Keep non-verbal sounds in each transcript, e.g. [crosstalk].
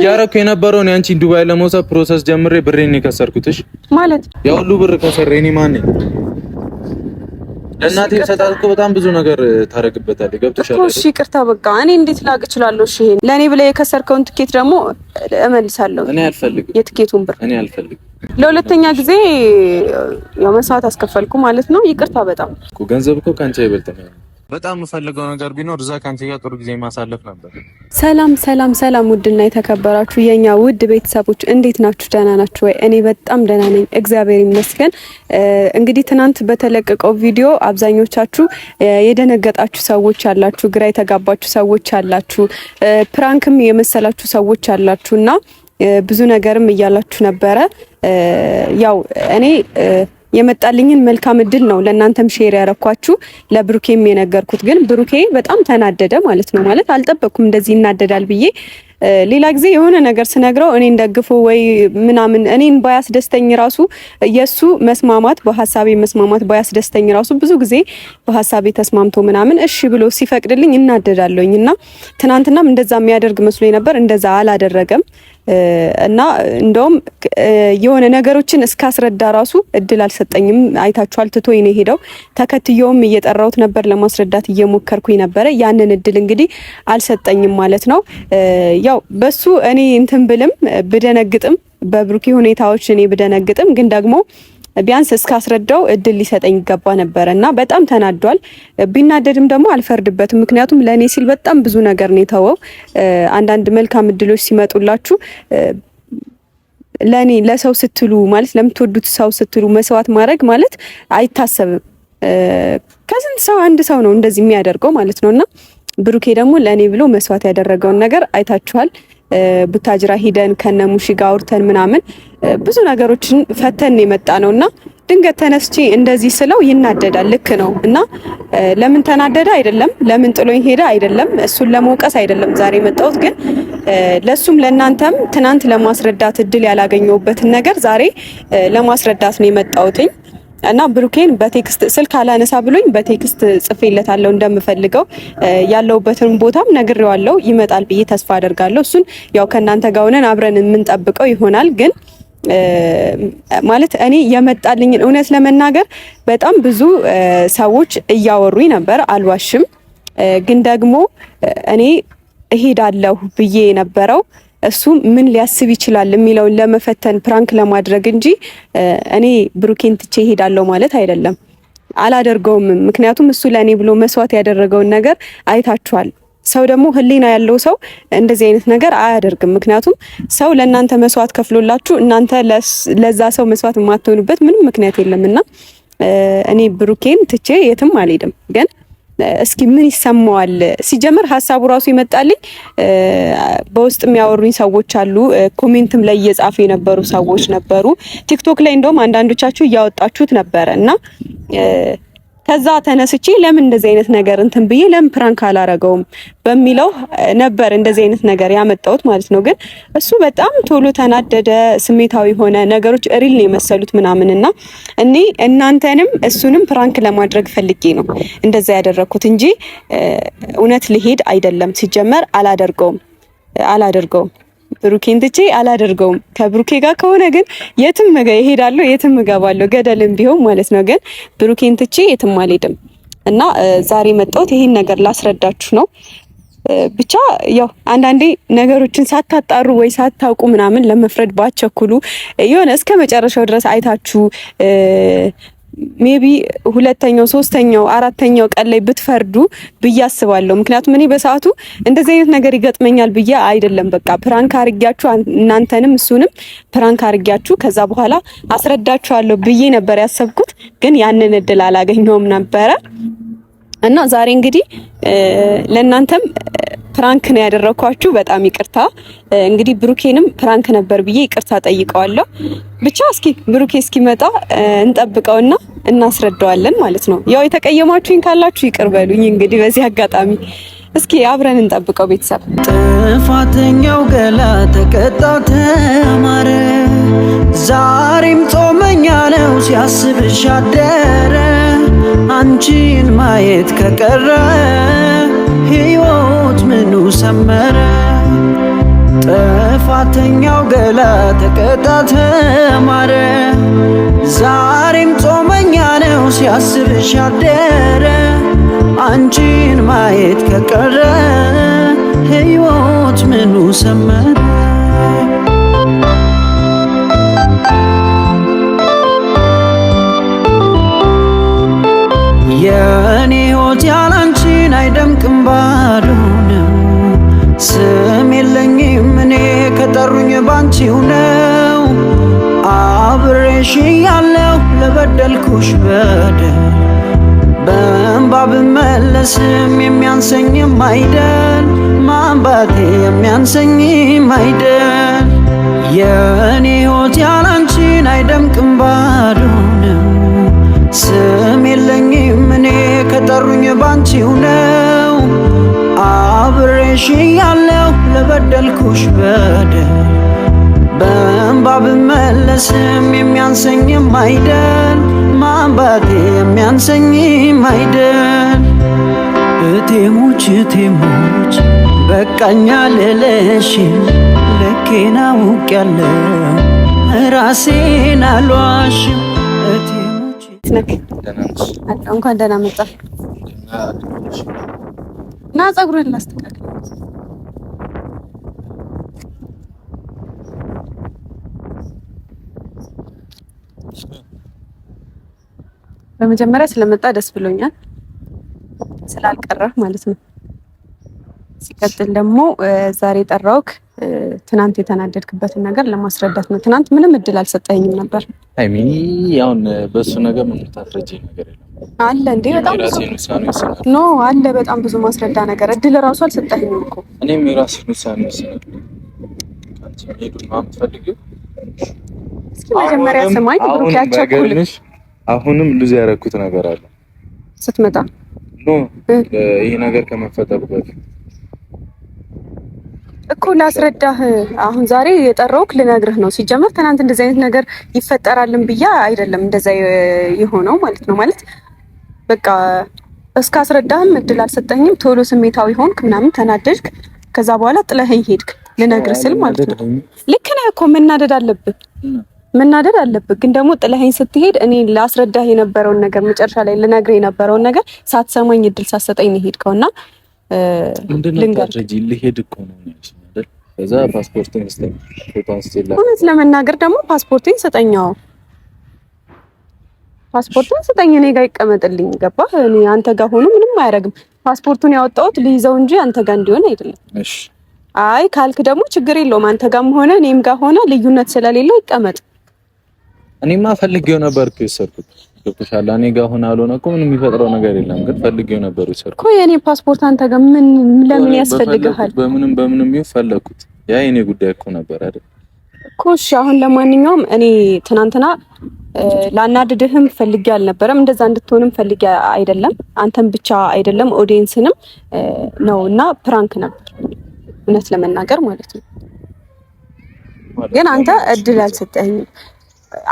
እያደረኩ የነበረው እኔ አንቺን ዱባይ ለመውሰድ ፕሮሰስ ጀምሬ ብሬን ነው የከሰርኩትሽ ማለት ያ ሁሉ ብር ከሰሬ እኔ ማን ነኝ? ለእናቴ ሰጣት እኮ በጣም ብዙ ነገር ታደርግበታለህ። ገብቶሻል? እሺ ይቅርታ በቃ እኔ እንዴት ላቅ እችላለሁ? እሺ ይሄን ለእኔ ብለህ የከሰርከውን ትኬት ደግሞ እመልሳለሁ። እኔ አልፈልግም የትኬቱን ብር እኔ አልፈልግም። ለሁለተኛ ጊዜ ያው መስዋዕት አስከፈልኩ ማለት ነው። ይቅርታ በጣም ገንዘብ እኮ ከአንቺ አይበልጥም በጣም የምፈልገው ነገር ቢኖር እዛ ከአንቺ ጋር ጥሩ ጊዜ ማሳለፍ ነበር። ሰላም ሰላም ሰላም! ውድና የተከበራችሁ የኛ ውድ ቤተሰቦች እንዴት ናችሁ? ደህና ናችሁ ወይ? እኔ በጣም ደህና ነኝ፣ እግዚአብሔር ይመስገን። እንግዲህ ትናንት በተለቀቀው ቪዲዮ አብዛኞቻችሁ የደነገጣችሁ ሰዎች አላችሁ፣ ግራ የተጋባችሁ ሰዎች አላችሁ፣ ፕራንክም የመሰላችሁ ሰዎች አላችሁ እና ብዙ ነገርም እያላችሁ ነበረ ያው እኔ የመጣልኝን መልካም እድል ነው ለእናንተም ሼር ያረኳችሁ ለብሩኬም የነገርኩት። ግን ብሩኬ በጣም ተናደደ ማለት ነው። ማለት አልጠበቅኩም እንደዚህ ይናደዳል ብዬ ሌላ ጊዜ የሆነ ነገር ስነግረው እኔን ደግፎ ወይ ምናምን እኔን ባያስደስተኝ ራሱ የእሱ መስማማት በሀሳቤ መስማማት ባያስደስተኝ ራሱ ብዙ ጊዜ በሀሳቤ ተስማምቶ ምናምን እሺ ብሎ ሲፈቅድልኝ እናደዳለሁኝ እና ትናንትናም እንደዛ የሚያደርግ መስሎ ነበር። እንደዛ አላደረገም እና እንደውም የሆነ ነገሮችን እስካስረዳ ራሱ እድል አልሰጠኝም። አይታችኋል፣ ትቶ ነው ሄደው። ተከትየውም እየጠራሁት ነበር፣ ለማስረዳት እየሞከርኩኝ ነበረ። ያንን እድል እንግዲህ አልሰጠኝም ማለት ነው። ያው በሱ እኔ እንትን ብልም ብደነግጥም በብሩኬ ሁኔታዎች እኔ ብደነግጥም ግን ደግሞ ቢያንስ እስካስረዳው እድል ሊሰጠኝ ይገባ ነበረ እና በጣም ተናዷል። ቢናደድም ደግሞ አልፈርድበትም። ምክንያቱም ለእኔ ሲል በጣም ብዙ ነገር ነው የተወው። አንዳንድ መልካም እድሎች ሲመጡላችሁ ለእኔ ለሰው ስትሉ ማለት ለምትወዱት ሰው ስትሉ መስዋዕት ማድረግ ማለት አይታሰብም። ከስንት ሰው አንድ ሰው ነው እንደዚህ የሚያደርገው ማለት ነው እና ብሩኬ ደግሞ ለእኔ ብሎ መስዋዕት ያደረገውን ነገር አይታችኋል። ቡታጅራ ሂደን ከነሙሺ ጋ አውርተን ምናምን ብዙ ነገሮችን ፈተን የመጣ ነው እና ድንገት ተነስቼ እንደዚህ ስለው ይናደዳል። ልክ ነው እና ለምን ተናደደ አይደለም፣ ለምን ጥሎኝ ሄደ አይደለም፣ እሱን ለመውቀስ አይደለም ዛሬ የመጣሁት። ግን ለሱም ለእናንተም ትናንት ለማስረዳት እድል ያላገኘሁበትን ነገር ዛሬ ለማስረዳት ነው የመጣሁትኝ። እና ብሩኬን በቴክስት ስልክ አላነሳ ብሎኝ በቴክስት ጽፌለታለሁ እንደምፈልገው ያለውበትን ቦታም ነግሬዋለሁ። ይመጣል ብዬ ተስፋ አደርጋለሁ። እሱን ያው ከእናንተ ጋር ሆነን አብረን የምንጠብቀው ይሆናል። ግን ማለት እኔ የመጣልኝን እውነት ለመናገር በጣም ብዙ ሰዎች እያወሩኝ ነበር፣ አልዋሽም። ግን ደግሞ እኔ እሄዳለሁ ብዬ የነበረው እሱ ምን ሊያስብ ይችላል የሚለውን ለመፈተን ፕራንክ ለማድረግ እንጂ እኔ ብሩኬን ትቼ ይሄዳለሁ ማለት አይደለም። አላደርገውም። ምክንያቱም እሱ ለእኔ ብሎ መስዋዕት ያደረገውን ነገር አይታችኋል። ሰው ደግሞ ህሊና ያለው ሰው እንደዚህ አይነት ነገር አያደርግም። ምክንያቱም ሰው ለእናንተ መስዋዕት ከፍሎላችሁ እናንተ ለዛ ሰው መስዋዕት የማትሆኑበት ምንም ምክንያት የለም እና እኔ ብሩኬን ትቼ የትም አልሄድም ግን እስኪ ምን ይሰማዋል? ሲጀምር ሀሳቡ ራሱ ይመጣልኝ በውስጥ የሚያወሩኝ ሰዎች አሉ። ኮሜንትም ላይ እየጻፉ የነበሩ ሰዎች ነበሩ። ቲክቶክ ላይ እንደውም አንዳንዶቻችሁ እያወጣችሁት ነበረ እና ከዛ ተነስቼ ለምን እንደዚህ አይነት ነገር እንትን ብዬ ለምን ፕራንክ አላረገውም በሚለው ነበር እንደዚህ አይነት ነገር ያመጣሁት ማለት ነው። ግን እሱ በጣም ቶሎ ተናደደ፣ ስሜታዊ ሆነ፣ ነገሮች ሪል ነው የመሰሉት ምናምን እና እኔ እናንተንም እሱንም ፕራንክ ለማድረግ ፈልጌ ነው እንደዛ ያደረኩት እንጂ እውነት ልሄድ አይደለም። ሲጀመር አላደርገውም አላደርገውም ብሩኬን ትቼ አላደርገውም። ከብሩኬ ጋር ከሆነ ግን የትም መገ እሄዳለሁ፣ የትም እገባለሁ፣ ገደልም ቢሆን ማለት ነው። ግን ብሩኬን ትቼ የትም አልሄድም እና ዛሬ መጣሁት ይሄን ነገር ላስረዳችሁ ነው። ብቻ ያው አንዳንዴ ነገሮችን ሳታጣሩ ወይ ሳታውቁ ምናምን ለመፍረድ ባቸኩሉ የሆነ እስከ መጨረሻው ድረስ አይታችሁ ሜቢ ሁለተኛው፣ ሶስተኛው፣ አራተኛው ቀን ላይ ብትፈርዱ ብዬ አስባለሁ። ምክንያቱም እኔ በሰዓቱ እንደዚህ አይነት ነገር ይገጥመኛል ብዬ አይደለም። በቃ ፕራንክ አርጊያችሁ እናንተንም እሱንም ፕራንክ አርጊያችሁ ከዛ በኋላ አስረዳችኋለሁ ብዬ ነበር ያሰብኩት፣ ግን ያንን እድል አላገኘውም ነበረ እና ዛሬ እንግዲህ ለእናንተም ፕራንክ ነው ያደረኳችሁ። በጣም ይቅርታ እንግዲህ ብሩኬንም ፕራንክ ነበር ብዬ ይቅርታ ጠይቀዋለሁ። ብቻ እስኪ ብሩኬ እስኪመጣ እንጠብቀውና እናስረዳዋለን ማለት ነው። ያው የተቀየማችሁኝ ካላችሁ ይቅር በሉኝ። እንግዲህ በዚህ አጋጣሚ እስኪ አብረን እንጠብቀው ቤተሰብ። ጥፋተኛው ገላ ተቀጣ ተማረ፣ ዛሬም ጾመኛ ነው ሲያስብሽ አደረ። አንቺን ማየት ከቀረ ህይወት ምኑ ሰመረ ጥፋተኛው ገላ ተቀጣ ተማረ። ዛሬም ጾመኛ ነው ሲያስብሽ አደረ። አንቺን ማየት ከቀረ ሕይወት ምኑ ሰመረ? የኔ ሕይወት ያላንቺን አይደምቅም ባዶ የጠሩኝ ባንቺው ነው። አብሬሽ ያለው ለበደልኩሽ በደል በእንባ ብመለስም የሚያንሰኝም አይደል ማንባቴ የሚያንሰኝም አይደል የእኔ ሕይወት ያላንቺን አይደምቅም ባዶ ነው። ስም የለኝም እኔ ከጠሩኝ ባንቺው ነው አብሬሽ ያለው ለበደልኩ ባጠፋሁሽ በደል በእንባ ብመለስም የሚያንሰኝም አይደል ማንባቴ የሚያንሰኝም አይደል እቴሞች እቴሞች በቃኛ ልለሽ ልኬና ውቅ ያለ ራሴን አሏሽ እንኳን ደህና መጣ እና ጸጉርን ላስተካክል በመጀመሪያ ስለመጣ ደስ ብሎኛል፣ ስላልቀረህ ማለት ነው። ሲቀጥል ደግሞ ዛሬ ጠራውክ ትናንት የተናደድክበትን ነገር ለማስረዳት ነው። ትናንት ምንም እድል አልሰጠኝም ነበር። አይሚ በሱ ነገር ምን ታስረጂ ነገር አለ እንዴ? በጣም ብዙ ኖ አለ፣ በጣም ብዙ ማስረዳ ነገር እድል ራሱ አልሰጠኝም እኮ እኔም የራሴን ውሳኔ ስነ እስኪ መጀመሪያ ስማኝ ብሩክ፣ ያቸኩልሽ። አሁንም ልጅ ያደረኩት ነገር አለ ስትመጣ ኖ ይሄ ነገር ከመፈጠሩ በፊት እኮ ላስረዳህ። አሁን ዛሬ የጠራውክ ልነግርህ ነው። ሲጀመር ትናንት እንደዚህ አይነት ነገር ይፈጠራልን ብዬ አይደለም እንደዛ የሆነው ማለት ነው። ማለት በቃ እስከ እስካስረዳህም እድል አልሰጠኝም። ቶሎ ስሜታዊ ሆንክ፣ ምናምን ተናደድክ። ከዛ በኋላ ጥለኸኝ ሄድክ። ልነግርህ ስል ማለት ነው። ልክ ነህ እኮ መናደድ አለብህ። መናደድ አለብህ። ግን ደግሞ ጥለኸኝ ስትሄድ እኔ ላስረዳህ የነበረውን ነገር መጨረሻ ላይ ልነግርህ የነበረውን ነገር ሳትሰማኝ እድል ሳትሰጠኝ ነው ሄድከው እና እውነት ለመናገር ደግሞ ፓስፖርቴን ስጠኛው ፓስፖርቱን ስጠኝ እኔ ጋር ይቀመጥልኝ። ገባ እኔ አንተ ጋር ሆኖ ምንም አያደርግም። ፓስፖርቱን ያወጣሁት ልይዘው እንጂ አንተ ጋር እንዲሆን አይደለም። አይ ካልክ ደግሞ ችግር የለውም። አንተ ጋርም ሆነ እኔም ጋር ሆነ ልዩነት ስለሌለው ይቀመጥ። እኔማ ፈልጌው ነበር እኮ የሰርኩት። ገብቶሻል። እኔ ጋር ሆነ አልሆነ እኮ ምንም የሚፈጥረው ነገር የለም፣ ግን ፈልጌው ነበር የሰርኩት እኮ። የኔ ፓስፖርት አንተ ጋር ምን ለምን ያስፈልግሃል? በምንም በምንም ይሁን ፈለኩት። ያ የኔ ጉዳይ እኮ ነበር አይደል እኮ። እሺ፣ አሁን ለማንኛውም እኔ ትናንትና ላናድድህም ፈልጌ አልነበረም። እንደዛ እንድትሆንም ፈልጌ አይደለም፣ አንተም ብቻ አይደለም ኦዲየንስንም ነው። እና ፕራንክ ነበር እውነት ለመናገር ማለት ነው። ግን አንተ እድል አልሰጠኸኝም።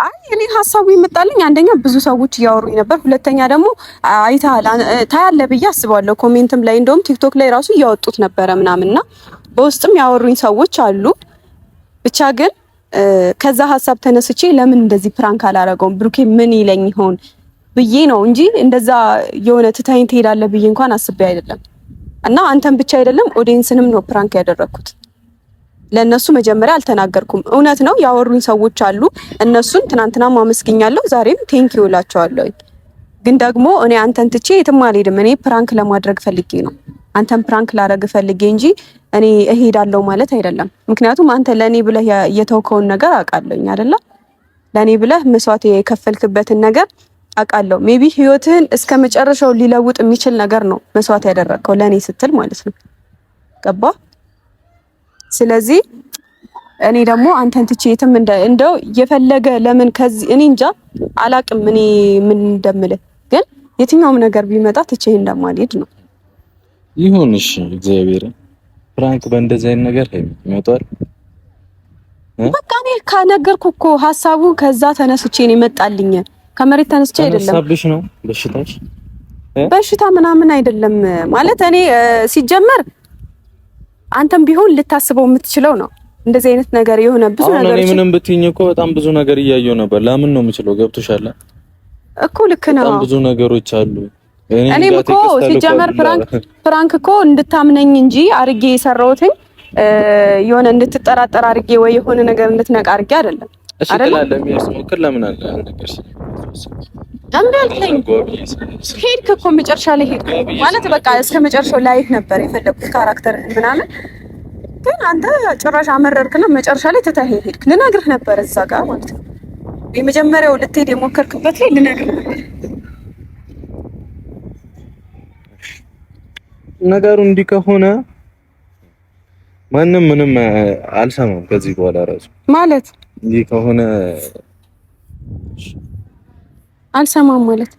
አይ እኔ ሀሳቡ ይመጣልኝ አንደኛ ብዙ ሰዎች እያወሩኝ ነበር፣ ሁለተኛ ደግሞ አይተሃል ታያለህ ብዬ አስባለሁ። ኮሜንትም ላይ እንደውም ቲክቶክ ላይ ራሱ እያወጡት ነበረ ምናምንና በውስጥም ያወሩኝ ሰዎች አሉ። ብቻ ግን ከዛ ሀሳብ ተነስቼ ለምን እንደዚህ ፕራንክ አላረገውም ብሩኬ ምን ይለኝ ይሆን ብዬ ነው እንጂ እንደዛ የሆነ ትታይን ትሄዳለህ ብዬ እንኳን አስቤ አይደለም። እና አንተን ብቻ አይደለም ኦዲየንስንም ነው ፕራንክ ያደረኩት። ለእነሱ መጀመሪያ አልተናገርኩም። እውነት ነው ያወሩኝ ሰዎች አሉ። እነሱን ትናንትና ማመስግኛለሁ፣ ዛሬም ቴንክ ዩ ግን ደግሞ እኔ አንተን ትቼ የትም አልሄድም። እኔ ፕራንክ ለማድረግ ፈልጌ ነው አንተን ፕራንክ ላረግ ፈልጌ እንጂ እኔ እሄዳለሁ ማለት አይደለም። ምክንያቱም አንተ ለእኔ ብለህ የተውከውን ነገር አውቃለሁኝ አይደለ? ለእኔ ብለህ መስዋዕት የከፈልክበትን ነገር አውቃለሁ። ሜቢ ህይወትህን እስከ መጨረሻው ሊለውጥ የሚችል ነገር ነው መስዋዕት ያደረግከው ለእኔ ስትል ማለት ነው። ገባ ስለዚህ እኔ ደግሞ አንተን ትቼ የትም እንደው የፈለገ ለምን ከዚህ እኔ እንጃ አላቅም። እኔ ምን እንደምልህ ግን የትኛውም ነገር ቢመጣ ትቼ እንደማልሄድ ነው። ይሁን እሺ። እግዚአብሔር ፍራንክ በእንደዚህ አይነት ነገር ይመጣል። በቃ እኔ ከነገርኩ እኮ ሀሳቡ ከዛ ተነስቼ ነው ይመጣልኝ። ከመሬት ተነስቼ አይደለም። ሀሳብሽ ነው በሽታሽ፣ በሽታ ምናምን አይደለም ማለት እኔ ሲጀመር አንተም ቢሆን ልታስበው የምትችለው ነው። እንደዚህ አይነት ነገር የሆነ ብዙ ነገር አሁን ምንም ብትይኝ እኮ በጣም ብዙ ነገር እያየሁ ነበር። ለምን ነው የምችለው። ገብቶሻል እኮ ልክ ነው። በጣም ብዙ ነገሮች አሉ። እኔም እኮ ሲጀመር ፍራንክ ፍራንክ እኮ እንድታምነኝ እንጂ አርጌ የሰራሁትኝ የሆነ እንድትጠራጠር አርጌ ወይ የሆነ ነገር እንድትነቃ አርጌ አይደለም። እሺ ትላለህ የሚያስሞክር ለምን አለ አንድ ነገር እንዳልከኝ ሄድክ እኮ መጨረሻ ላይ ሄድክ ማለት በቃ እስከ መጨረሻው ላይፍ ነበር የፈለኩት ካራክተር ምናምን ግን አንተ ጭራሽ አመረርክና መጨረሻ ላይ ትተህ ሄድክ። ልነግርህ ነበር እዛ ጋር ማለት ነው የመጀመሪያው ልትሄድ የሞከርክበት ላይ ልነግርህ ነበር። ነገሩ እንዲህ ከሆነ ማንም ምንም አልሰማም ከዚህ በኋላ ራሱ ማለት እንዲህ ከሆነ አልሰማም ማለት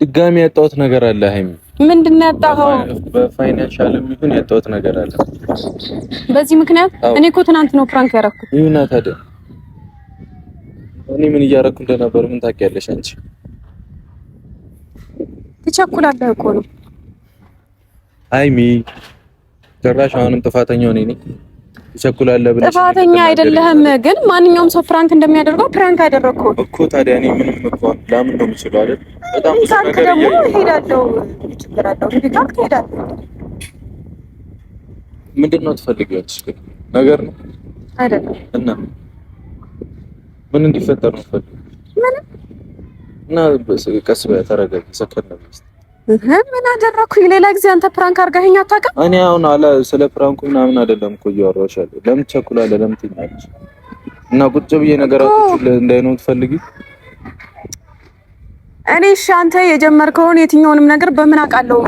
ድጋሚ ያጣሁት ነገር አለ ሀይሚ። ምንድን ነው ያጣኸው? በፋይናንሻልም ይሁን ያጣሁት ነገር አለ። በዚህ ምክንያት እኔ እኮ ትናንት ነው ፕራንክ ያደረኩት። ይሁና ታዲያ እኔ ምን እያደረኩ እንደነበር ምን ታውቂያለሽ አንቺ? ትቸኩላለህ እኮ ነው ሀይሚ። ጭራሽ አሁንም ጥፋተኛው እኔ ነኝ። ትቸኩላለህ ብለሽ ጥፋተኛ አይደለህም። ግን ማንኛውም ሰው ፕራንክ እንደሚያደርገው ፕራንክ አደረግከው እኮ። ታዲያ እኔ ምንም እኮ ላምን ነው የምችለው አይደል? በጣም ብዙ ነገር ደግሞ እሄዳለሁ፣ ችግር አለው። እንግዲህ ካልክ እሄዳለሁ። ምንድን ነው ትፈልጊያለሽ? ግን ነገር ነው አይደለም። እና ምን እንዲፈጠር ነው ትፈልጊው? ምንም እና ቀስ በያ ተረጋጊ፣ ሰከን ነው ምን አደረኩኝ? ሌላ ጊዜ አንተ ፕራንክ አድርገኸኝ አታውቅም። እኔ አሁን አለ ስለ ፕራንኩ ምናምን አይደለም እኮ እያወራሁሽ ያለው። ለምን ትቸኩላለህ? ለምን ትኛለሽ? እና ቁጭ ብዬ ነገራቶች እንዳይ ነው ትፈልጊ? እኔ እሺ፣ አንተ የጀመርከውን የትኛውንም ነገር በምን አውቃለሁ?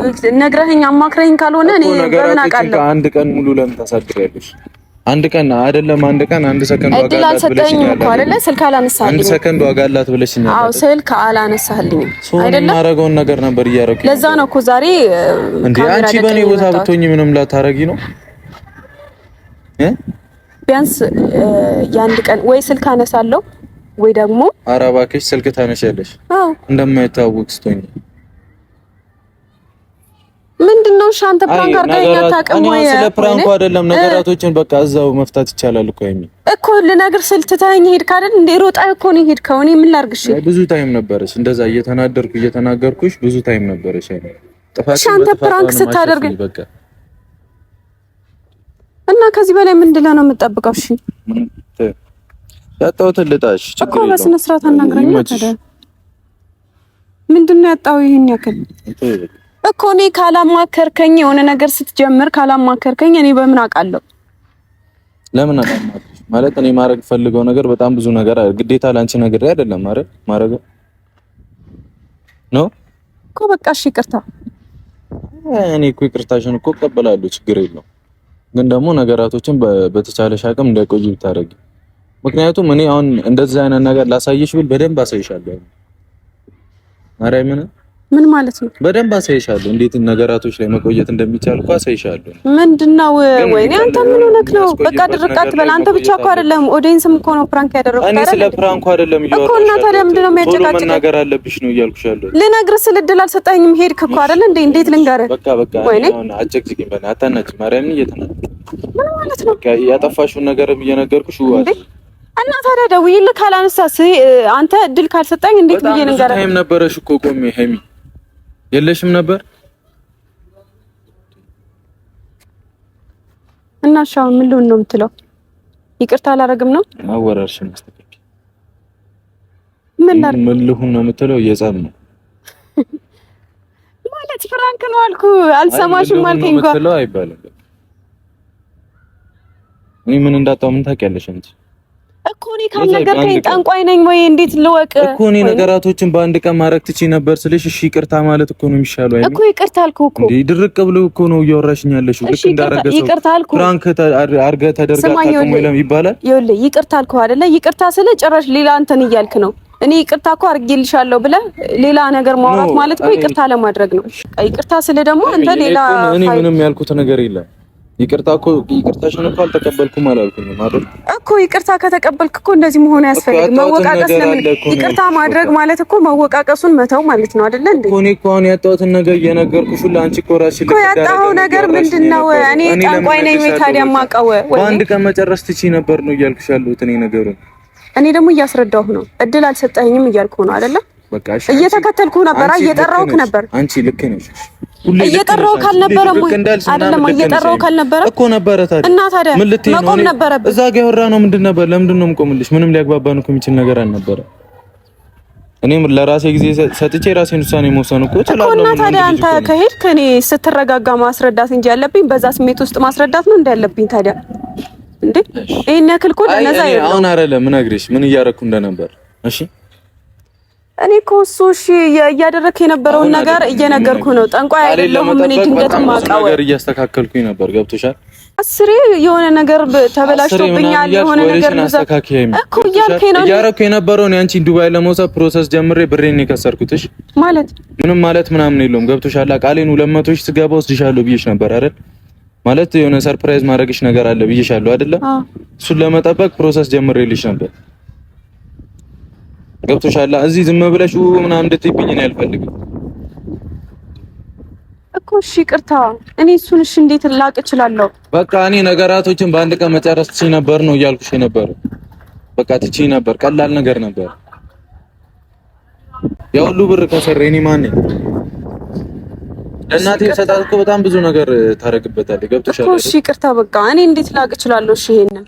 ነግረኸኝ አማክረኝ ካልሆነ እኔ በምን አውቃለሁ? አንድ ቀን ሙሉ ለምን ታሳድሪያለሽ? አንድ ቀን አይደለም አንድ ቀን አንድ ሰከንድ ዋጋ አላት ብለሽኛል አይደለ? ስልክ አላነሳህልኝም። አንድ ሰከንድ ዋጋ አላት ብለሽኛል። አዎ ስልክ አላነሳህልኝም አይደለ? የማደርገውን ነገር ነበር እያደረኩኝ። ለዛ ነው እኮ ዛሬ እንዴ። አንቺ በእኔ ቦታ ብትሆኚ ምንም ላታረጊ ነው እ ቢያንስ የአንድ ቀን ወይ ስልክ አነሳለሁ ወይ ደግሞ ኧረ እባክሽ ስልክ ታነሻለሽ እንደማይታወቅ ስትሆኚ ምንድነው? እሺ አንተ ፕራንክ አድርገኸኝ አታውቅም ወይ? ስለ ፕራንኩ አይደለም ነገራቶችን በቃ እዛው መፍታት ይቻላል እኮ ሀይሚ እኮ ልነግርህ ስል ትተኸኝ ሄድክ አይደል እንዴ? ሮጣ እኮ ነው የሄድከው። እኔ ምን ላድርግ? እሺ ብዙ ታይም ነበረሽ እንደዛ እየተናደርኩ እየተናገርኩሽ ብዙ ታይም ነበረሽ ሀይሚ። እሺ አንተ ፕራንክ ስታደርግ እና ከዚህ በላይ ምን እንድልህ ነው የምጠብቀው? እሺ ያጣሁትን ልጣሽ እኮ በስነ ስርዓት አናግረኝ ታዲያ። ምንድነው ያጣሁ ይሄን ያክል እኮ እኔ ካላማከርከኝ የሆነ ነገር ስትጀምር ካላማከርከኝ እኔ በምን አውቃለሁ? ለምን አላማከርከኝ? ማለት እኔ ማድረግ ፈልገው ነገር በጣም ብዙ ነገር አለ። ግዴታ ላንቺ ነገር አይደለም ማለት ማድረግ ነው እኮ በቃ እሺ፣ ይቅርታ። እኔ እኮ ይቅርታሽን እኮ እቀበላለሁ፣ ችግር የለው። ግን ደግሞ ነገራቶችን በተቻለሽ አቅም እንዳይቆዩ ብታደርጊ። ምክንያቱም እኔ አሁን እንደዚህ አይነት ነገር ላሳየሽ ብል በደንብ አሳይሻለሁ። ማርያምን ምን ማለት ነው? በደንብ አሳይሻለሁ፣ እንዴት ነገራቶች ላይ መቆየት እንደሚቻል እኮ አሳይሻለሁ። ምንድነው? ወይኔ አንተ ምን ሆነክ ነው? በቃ ድርቃት በል። አንተ ብቻ እኮ አይደለም ኦዲየንስም እኮ ነው ፕራንክ ያደረኩት። እኔ ስለ ፕራንኩ አይደለም እያወራሁ እኮ። እና ታዲያ ምንድነው የሚያጨቃጭቅ ነገር አለብሽ ነው እያልኩሽ ያለሁት። ልነግርህ ስል እድል አልሰጠኝም። ሄድክ እኮ አይደል እንዴ? እንዴት ልንገርህ? በቃ በቃ ወይኔ አጨቅጭቅኝ በል። አታናጭ ማርያምን፣ እየተናጨ ምን ማለት ነው? በቃ ያጠፋሽውን ነገር እየነገርኩሽ እንዴ እና ታዲያ ደውዬልህ ካላነሳስ አንተ እድል ካልሰጠኝ እንዴት ብዬ ልንገርህ? በጣም ታይም ነበረሽ እኮ ቆሜ ሄሚ የለሽም ነበር እና ሻው ምን ልሆን ነው የምትለው? ይቅርታ አላረግም ነው ማወራርሽ ማስተካከል ምን ምን ልሆን ነው የምትለው? የጸብ ነው [laughs] ማለት ፍራንክ ነው አልኩ። አልሰማሽም አልከኝ እንኳን ምን አይባልም። ምን እንዳጣው ምን ታውቂያለሽ አንቺ እኮ እኔ ካልነገርከኝ ጠንቋይ ነኝ ወይ እንዴት ልወቅ? እኮ እኔ ነገራቶችን በአንድ ቀን ማድረግ ትችይ ነበር ስልሽ፣ እሺ ይቅርታ ማለት እኮ ነው የሚሻለው። አይ እኮ ይቅርታ አልኩህ እኮ እንዴ፣ ድርቅ ብሎ እኮ ነው እያወራሽኝ ያለሽው። ልክ እንዳረገ ሰው ፍራንክ አድርገህ ተደርጋ ታጥሞ ይለም ይባላል። ይኸውልህ ይቅርታ አልኩህ አይደለ? ይቅርታ ስለ ጭራሽ ሌላ እንትን እያልክ ነው። እኔ ይቅርታ እኮ አድርጌልሻለሁ ብለህ ሌላ ነገር ማውራት ማለት እኮ ይቅርታ ለማድረግ ነው። ይቅርታ ስለ ደግሞ አንተ ሌላ እኔ ምንም ያልኩት ነገር የለም ይቅርታ እኮ ይቅርታሽን እኮ አልተቀበልኩም አላልኩኝም አይደል እኮ ይቅርታ ከተቀበልክ እኮ እንደዚህ መሆን ያስፈልግ መወቃቀስ ለምን ይቅርታ ማድረግ ማለት እኮ መወቃቀሱን መተው ማለት ነው አይደለ እንዴ እኔ እኮ አሁን ያጣሁትን ነገር እየነገርኩሽ ሁሉ አንቺ እኮ ራስሽ ልትዳረግ ያጣኸው ነገር ምንድነው እኔ ጠንቋይ ነኝ ወይ ታዲያ ማውቀው በአንድ ቀን መጨረስ ትችይ ነበር ነው እያልኩሽ ያለሁት እኔ ነገሩን እኔ ደግሞ እያስረዳሁ ነው እድል አልሰጠኸኝም እያልኩ ነው አይደለም እየተከተልኩ ነበር፣ እየጠራሁህ ነበር። አንቺ ልክ ነሽ። እየጠራሁ ካልነበረም ወይ አይደለም፣ እየጠራሁ ካልነበረም እኮ ነበረ። ታዲያ እና ታዲያ ምን ልትይ ነው? መቆም ነበረብህ። እዛ ጋር ነው ምንድን ነበር? ለምንድን ነው የምቆምልሽ? ምንም ሊያግባባን እኮ የሚችል ነገር አልነበረ። እኔም ለራሴ ጊዜ ሰጥቼ ራሴን ውሳኔ መውሰን እኮ እችላለሁ። እና ታዲያ አንተ ከሄድክ እኔ ስትረጋጋ ማስረዳት እንጂ ያለብኝ በዛ ስሜት ውስጥ ማስረዳት ነው እንዳለብኝ። ታዲያ እንዴ ይሄን ያክል እኮ ለነዛ ይሄ አሁን አይደለም ምን እነግርሽ ምን እያደረኩ እንደነበር እሺ እኔ እኮ እሱ እሺ እያደረክ የነበረውን ነገር እየነገርኩ ነው። ጠንቋይ አይደለሁም። ምን ድንገት ማቃወ ነገር እያስተካከልኩኝ ነበር። ገብቶሻል። አስሬ የሆነ ነገር ተበላሽቶብኛል። የሆነ ነገር እኮ እያልከኝ ነው። እያደረኩ የነበረውን ያንቺ ዱባይ ለመውሰድ ፕሮሰስ ጀምሬ ብሬን የከሰርኩትሽ ማለት ምንም ማለት ምናምን የለውም። ገብቶሻል። ቃሌን ሁለት መቶ ሺህ ስገባ ወስድሻለሁ ብዬሽ ነበር አይደል? ማለት የሆነ ሰርፕራይዝ ማድረግሽ ነገር አለ ብዬሻለሁ አይደለ? እሱን ለመጠበቅ ፕሮሰስ ጀምሬልሽ ነበር ገብቶሻል። እዚህ ዝም ብለሽ ምናምን እንድትይብኝ ነው ያልፈልግም እኮ እሺ፣ ቅርታ፣ እኔ እሱን እሺ፣ እንዴት ላቅ እችላለሁ? በቃ እኔ ነገራቶችን በአንድ ቀን መጨረስ ትችይ ነበር ነው እያልኩሽ ነበር። በቃ ትችይ ነበር፣ ቀላል ነገር ነበር። ያ ሁሉ ብር ከሰረ እኔ ማን ነኝ? ለእናቴ ሰጣት እኮ በጣም ብዙ ነገር ታደርግበታለች። ገብቶሻል እኮ። እሺ፣ ቅርታ፣ በቃ እኔ እንዴት ላቅ እችላለሁ? እሺ፣ ይሄንን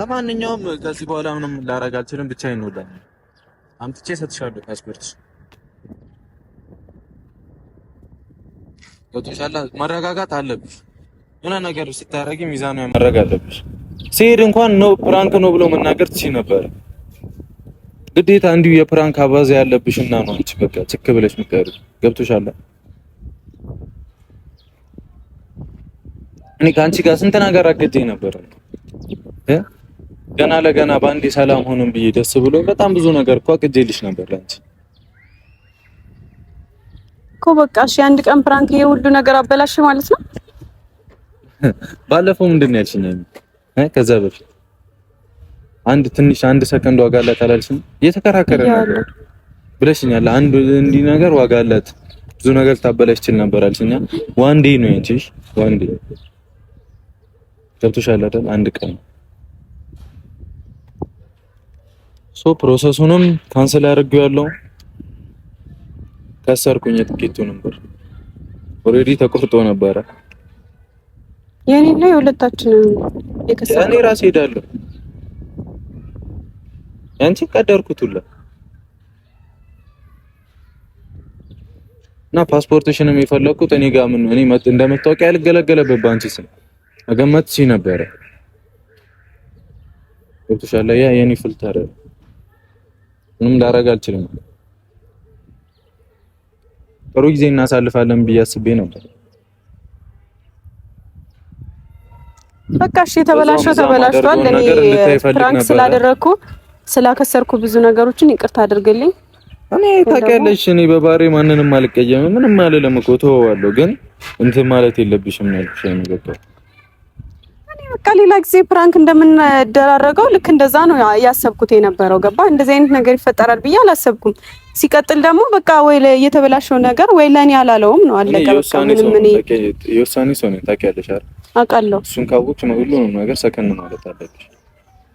ለማንኛውም ከዚህ በኋላ ምንም ላረግ አልችልም። ብቻ ይኖላል አምጥቼ እሰጥሻለሁ። ፓስፖርት ገብቶሻል። መረጋጋት አለብሽ። ምን ነገር ስታረጊ ሚዛኑ መረግ አለብሽ። ሲሄድ እንኳን ነው ፕራንክ ነው ብሎ መናገር ትች ነበር። ግዴታ እንዲሁ የፕራንክ አባዝ ያለብሽ እና ነው አንቺ በቃ ችክ ብለሽ ምቀሩ ገብቶሻል። እኔ ከአንቺ ጋር ስንት ነገር አገጄ ነበር ገና ለገና በአንዴ ሰላም ሆንም ብዬ ደስ ብሎ በጣም ብዙ ነገር እኮ ቅጄልሽ ነበር ለአንቺ እኮ በቃ እሺ፣ አንድ ቀን ፕራንክ የሁሉ ነገር አበላሽ ማለት ነው። ባለፈው ምንድን ነው ያልሽኝ? አይ ከዛ በፊት አንድ ትንሽ አንድ ሰከንድ ዋጋ አላት አላልሽም? እየተከራከረ ነበር ብለሽኛል። አንድ እንዲህ ነገር ዋጋ አላት ብዙ ነገር ታበላሽ ይችል ነበር አልሽኝ። ዋንዴ ነው እንጂ ዋንዴ ገብቶሻል አይደል? አንድ ቀን ሶ ፕሮሰሱንም ካንሰል ያደርገው ያለው ከሰርኩኝ የትኬቱንም ነበር ኦልሬዲ ተቆርጦ ነበረ። የኔ ላይ የሁለታችንን የከሰረ እኔ ራሴ ሄዳለሁ። ያንቺ ቀደርኩት ሁላ እና ፓስፖርትሽንም የፈለኩት እኔ ጋር ምን እኔ እንደ መታወቂያ ያልገለገለበት ባንቺ ስም አገመት ሲ ነበረ ወጥሻለ ያ የኔ ፍልተር ምንም ላደርግ አልችልም። ጥሩ ጊዜ እናሳልፋለን ብዬ አስቤ ነበር። በቃ እሺ፣ የተበላሸው ተበላሽቷል። እኔ ፍራንክ ስላደረግኩ ስላከሰርኩ ብዙ ነገሮችን ይቅርታ አድርግልኝ። እኔ ታውቂያለሽ፣ እኔ በባህሪ ማንንም አልቀየምም። ምንም አልልም እኮ ተወዋለሁ፣ ግን እንትን ማለት የለብሽም ነው ያልኩሽ። በቃ ሌላ ጊዜ ፕራንክ እንደምንደራረገው ልክ እንደዛ ነው ያሰብኩት የነበረው። ገባ እንደዚህ አይነት ነገር ይፈጠራል ብዬ አላሰብኩም። ሲቀጥል ደግሞ በቃ ወይ የተበላሸው ነገር ወይ ለእኔ አላለውም ነው አለቀ። በቃ የውሳኔ ሰው ነኝ ታውቂያለሽ አይደል? አውቃለሁ። እሱን ካወቅሽ ነው ሁሉንም ነገር ሰከን ማለት አለብሽ።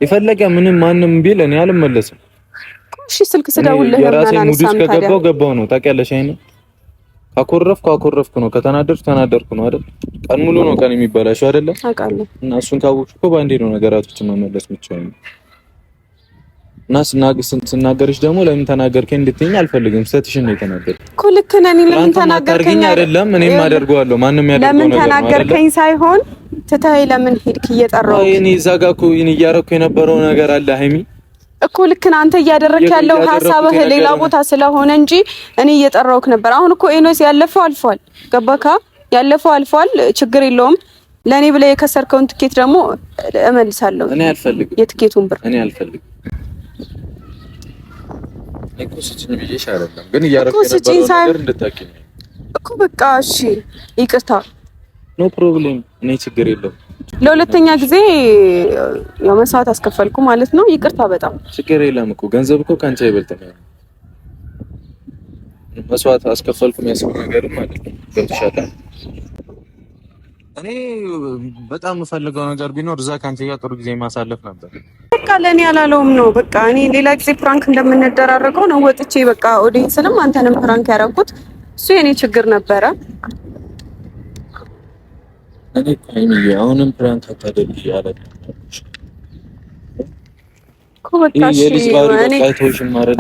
የፈለገ ምንም ማንም ቢል እኔ አልመለስም። እሺ ስልክ ስደውልልህ የራሴ ሙድ ውስጥ ከገባው ገባው ነው ታውቂያለሽ አይደል? ካኮረፍኩ አኮረፍኩ ነው፣ ከተናደድኩ ተናደድኩ ነው አይደል? ቀን ሙሉ ነው ቀን የሚበላሽው አይደለ? አውቃለሁ። እና እሱን ካወቅሽ እኮ ባንዴ ነው ነገራቶችን መመለስ የምትችይው። እና ስናገርሽ ደግሞ ለምን ተናገርከኝ እንድትይኝ አልፈልግም። ስተትሽን ነው የተናገርከኝ እኮ ልክ ነህ። ለምን ተናገርከኝ አይደለም፣ እኔም አደርገዋለሁ። ማንም ያደርገው ነገር ለምን ተናገርከኝ ሳይሆን ትተኸኝ ለምን ሄድክ? እየጠራሁ እኔ እዛ ጋር እኮ እያረኩ የነበረው ነገር አለ ሀይሚ እኮ ልክ አንተ እያደረክ ያለው ሀሳብህ ሌላ ቦታ ስለሆነ እንጂ እኔ እየጠራውክ ነበር። አሁን እኮ ኤኖስ ያለፈው አልፏል። ገባካ? ያለፈው አልፏል። ችግር የለውም። ለእኔ ብለህ የከሰርከውን ትኬት ደግሞ እመልሳለሁ። እኔ አልፈልግም የትኬቱን ብር እኔ አልፈልግም። ግን እያደረክ ነበር እኮ በቃ እሺ፣ ይቅርታ ኖ ፕሮብሌም፣ እኔ ችግር የለውም። ለሁለተኛ ጊዜ ያው መስዋዕት አስከፈልኩ ማለት ነው። ይቅርታ። በጣም ችግር የለም እኮ ገንዘብ እኮ ከአንቺ አይበልጥም። መስዋዕት አስከፈልኩ የሚያስብ ነገር ማለት ነው። እኔ በጣም የምፈልገው ነገር ቢኖር እዛ ከአንቺ ጋር ጥሩ ጊዜ ማሳለፍ ነበር። በቃ ለእኔ ያላለውም ነው። በቃ እኔ ሌላ ጊዜ ፕራንክ እንደምንደራረገው ነው ወጥቼ በቃ ኦዲንስንም አንተንም ፕራንክ ያደረኩት እሱ የእኔ ችግር ነበረ። እኔ ሀይሚዬ አሁንም ፕራንክ አታደርጊ አላት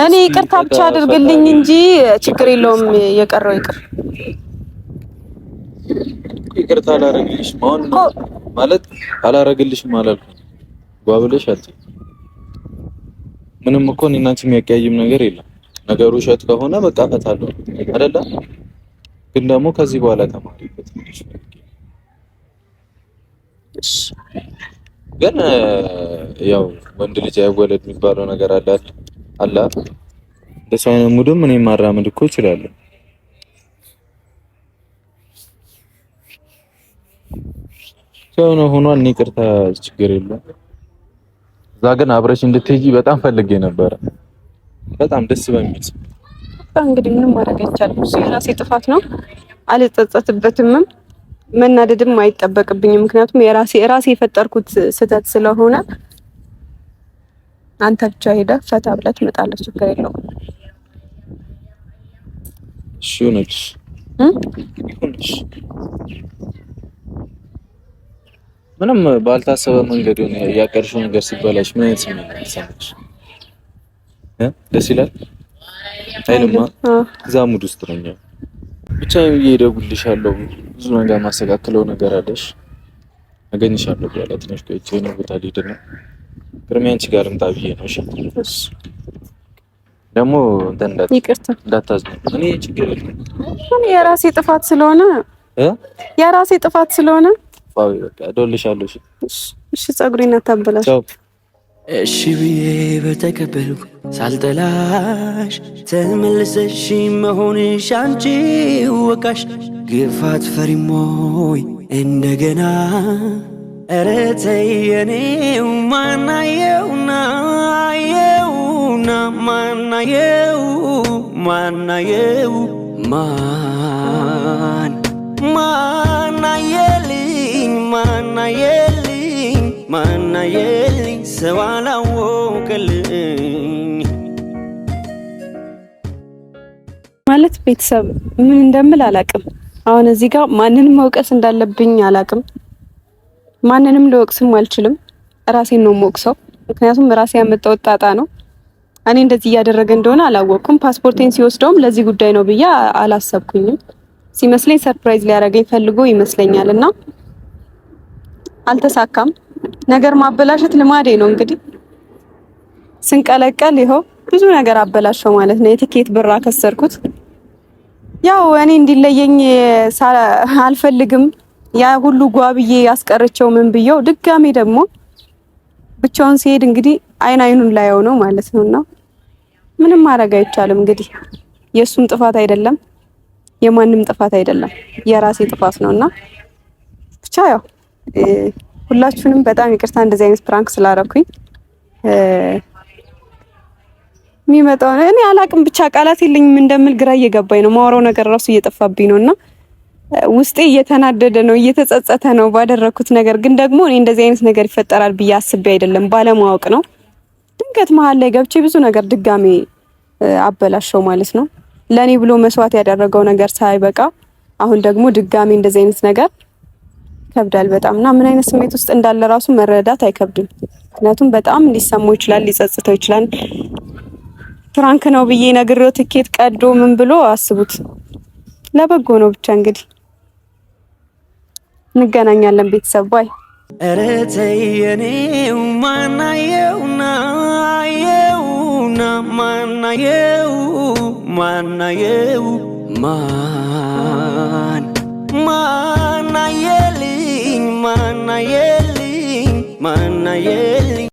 እኔ ይቅርታ ብቻ አድርግልኝ እንጂ ችግር የለውም። የቀረው ይቅር ይቅርታ አላረግልሽም። አሁን ማለት አላረግልሽም አላልኩም። ጓብለሽ አት ምንም እኮ እኔና አንቺ የሚያቀያይም ነገር የለም። ነገሩ ከሆነ በቃ አይደለ? ግን ደግሞ ከዚህ በኋላ ተማሪበት ግን ያው ወንድ ልጅ አይወለድ የሚባለው ነገር አለ አለ። እንደሱ አይነት ሙድም እኔ ማራመድ እኮ እችላለሁ። ከሆነ ሆኗል። እኔ ቅርታ ችግር የለም። እዛ ግን አብረሽ እንድትሄጂ በጣም ፈልጌ ነበረ። በጣም ደስ በሚል እንግዲህ ምንም ማድረግ አይቻልም። የራሴ ጥፋት ነው፣ አልጸጸትበትምም መናደድም አይጠበቅብኝም። ምክንያቱም የራሴ የራሴ የፈጠርኩት ስህተት ስለሆነ አንተ ብቻ ሄደ ፈታ ብለህ ትመጣለህ። ችግር የለውም። እሺ ነች ምንም ባልታሰበ መንገድ ሆነ ያቀርሽው ነገር ሲበላሽ ምን አይነት ስሜት ይሰማሽ? ደስ ይላል አይልማ። እዛ ሙድ ውስጥ ነኝ ብቻ እየደውልልሻለሁ ብዙ ነገር ማስተካከለው ነገር አለሽ። አገኝሻለሁ ብያለሁ። ትንሽ ቆይቼ የሆነ ቦታ ልሄድ ነው። ቅድሚያ አንቺ ጋር ልምጣ ብዬ ነው። እሺ ደግሞ እንትን እንዳታዝኝ። እኔ ችግር የለም የራሴ ጥፋት ስለሆነ የራሴ ጥፋት ስለሆነ እደውልልሻለሁ። እሺ፣ ፀጉሬን አታበላሽ። እሺ ብዬ በተቀበልኩ ሳልጠላሽ ተመልሰሽ መሆንሽ አንቺ ወቃሽ ግፋት ፈሪሞይ እንደገና እረ የኔው ማናየውና የውና ማናየው ማናየው ማን ማናየልኝ ማናየልኝ ማናየልኝ ሰው አላወቀልኝ ማለት ቤተሰብ ምን እንደምል አላቅም። አሁን እዚህ ጋር ማንንም መውቀስ እንዳለብኝ አላቅም። ማንንም ልወቅስም አልችልም። ራሴን ነው የምወቅሰው፣ ምክንያቱም ራሴ ያመጣው ጣጣ ነው። እኔ እንደዚህ እያደረገ እንደሆነ አላወቅኩም። ፓስፖርቴን ሲወስደውም ለዚህ ጉዳይ ነው ብዬ አላሰብኩኝም። ሲመስለኝ ሰርፕራይዝ ሊያደርገኝ ፈልጎ ይመስለኛል እና አልተሳካም። ነገር ማበላሸት ልማዴ ነው። እንግዲህ ስንቀለቀል ይኸው ብዙ ነገር አበላሸው ማለት ነው። የትኬት ብር አከሰርኩት። ያው እኔ እንዲለየኝ አልፈልግም። ያ ሁሉ ጓብዬ ያስቀረቸው ምን ብየው ድጋሜ ደግሞ ብቻውን ሲሄድ እንግዲህ አይን አይኑን ላየው ነው ማለት ነውና ምንም ማድረግ አይቻልም። እንግዲህ የእሱም ጥፋት አይደለም፣ የማንም ጥፋት አይደለም፣ የራሴ ጥፋት ነውና ብቻ ያው ሁላችሁንም በጣም ይቅርታ እንደዚህ አይነት ፕራንክ ስላረኩኝ የሚመጣው እኔ አላቅም፣ ብቻ ቃላት የለኝም እንደምል ግራ እየገባኝ ነው። ማወራው ነገር ራሱ እየጠፋብኝ ነውና ውስጤ እየተናደደ ነው፣ እየተጸጸተ ነው ባደረኩት ነገር። ግን ደግሞ እኔ እንደዚህ አይነት ነገር ይፈጠራል ብዬ አስቤ አይደለም፣ ባለማወቅ ነው። ድንገት መሀል ላይ ገብቼ ብዙ ነገር ድጋሜ አበላሸው ማለት ነው። ለኔ ብሎ መስዋዕት ያደረገው ነገር ሳይበቃ አሁን ደግሞ ድጋሜ እንደዚህ አይነት ነገር ይከብዳል በጣም እና ምን አይነት ስሜት ውስጥ እንዳለ ራሱ መረዳት አይከብድም። ምክንያቱም በጣም ሊሰማው ይችላል፣ ሊጸጽተው ይችላል። ፍራንክ ነው ብዬ ነግሬው ትኬት ቀዶ ምን ብሎ አስቡት። ለበጎ ነው ብቻ እንግዲህ እንገናኛለን ቤተሰብ ባይ ኧረ ተይ የኔው ማናየውና የውና ማናየው ማናየው ማን ማናየው ಮನ ಎಲ್ಲಿ ಮನ ಎಲ್ಲಿ